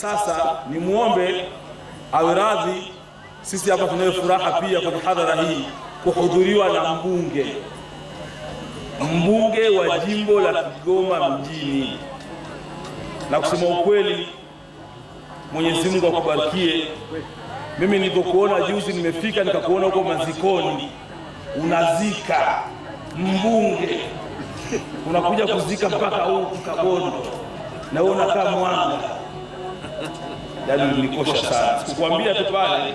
Sasa muombe awe radhi. Sisi hapa tunayo furaha pia kwa hadhara hii kuhudhuriwa na mbunge, mbunge wa jimbo la Kigoma mjini, na kusema ukweli, Mwenyezi Mungu akubarikie. Mimi nilipokuona juzi, nimefika nikakuona huko mazikoni unazika mbunge, unakuja kuzika mpaka huku Kabondo na wewe unakaa Mwanga. Yaani nilikosha sana. Sikukwambia tu pale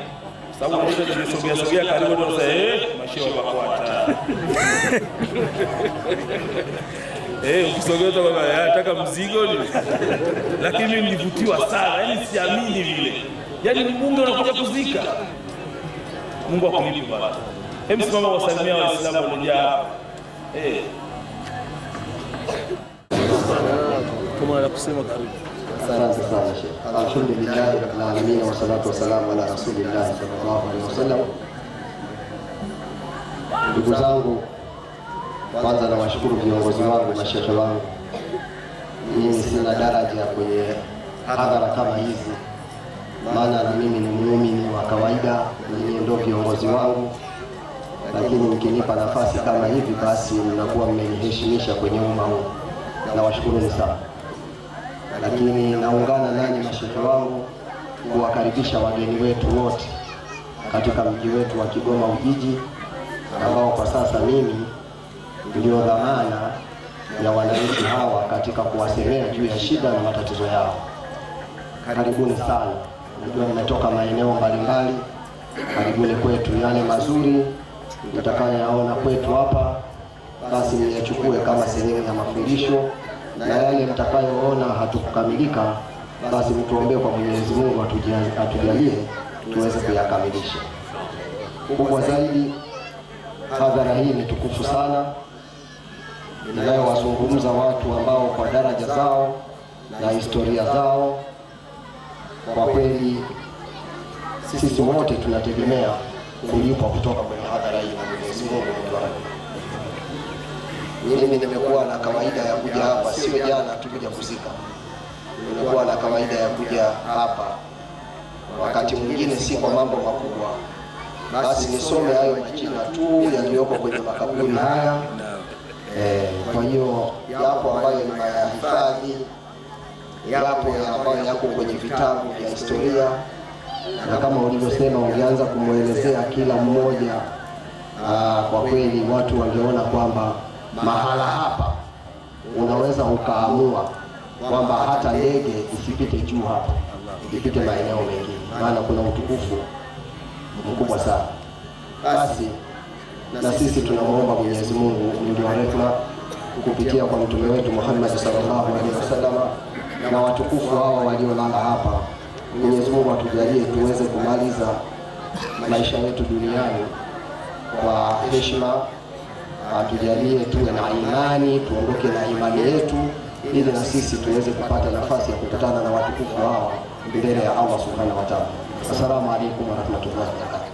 sababu unaweza kunisogea sogea karibu na sasa eh mashio yako hata. Eh, tu kama anataka eh, mzigo ni. Lakini mimi nilivutiwa sana, yaani siamini vile. Yaani mbunge anakuja kuzika. Mungu akulipe baba. Hebu simama wasalimia Waislamu waliojaa. Eh. Kama la kusema karibu. Asante sana Sheikh. Alhamdulillah rabbil alamin wa salatu wassalamu ala rasulillah sallallahu alaihi wasallam. Ndugu zangu, kwanza nawashukuru viongozi wangu, mashehe wangu. Mimi sina daraja kwenye hadhara kama hizi, maana na mimi ni muumini wa kawaida, ninyi ndio viongozi wangu, lakini mkinipa nafasi kama hivi, basi mnakuwa mmeniheshimisha kwenye umma huu. Nawashukuruni sana lakini naungana nanyi mashehe wangu kuwakaribisha wageni wetu wote katika mji wetu wa Kigoma Ujiji, ambao kwa sasa mimi ndio dhamana ya wananchi hawa katika kuwasemea juu ya shida na matatizo yao. Karibuni sana, najua mmetoka maeneo mbalimbali. Karibuni kwetu, yale mazuri mtakayoyaona kwetu hapa basi niyachukue kama sehemu ya mafundisho na yale mtakayoona hatukukamilika, basi mtuombee kwa Mwenyezi Mungu atujalie tuweze kuyakamilisha. Kubwa zaidi, hadhara hii ni tukufu sana, inayowazungumza watu ambao kwa daraja zao na historia zao, kwa kweli sisi wote tunategemea kulipwa kutoka kwenye hadhara hii na Mwenyezi Mungu mimi nimekuwa na kawaida ya kuja hapa, sio jana tu kuja kuzika. Nimekuwa na kawaida ya kuja hapa, wakati mwingine si kwa mambo makubwa. Basi nisome hayo majina tu yaliyoko kwenye makaburi haya. Eh, kwa hiyo yapo ambayo ni mayahifadhi, yapo ambayo yako kwenye vitabu vya historia, na kama ulivyosema, ulianza kumwelezea kila mmoja, ah, kwa kweli watu wangeona kwamba mahala hapa unaweza ukaamua kwamba hata ndege isipite juu hapa, ipite maeneo mengine, maana kuna utukufu mkubwa sana. Basi na sisi tunamwomba Mwenyezi Mungu mwingi rehema kupitia kwa mtume wetu Muhammad sallallahu alaihi wasallam na watukufu hawa waliolala hapa, Mwenyezi Mungu atujalie tuweze kumaliza maisha yetu duniani kwa heshima atujalie tuwe na imani, tuondoke na imani yetu, ili na sisi tuweze kupata nafasi ya kukutana na watukufu hawa mbele ya Allah subhanahu wa ta'ala. Assalamu alaikum warahmatullahi wabarakatuh.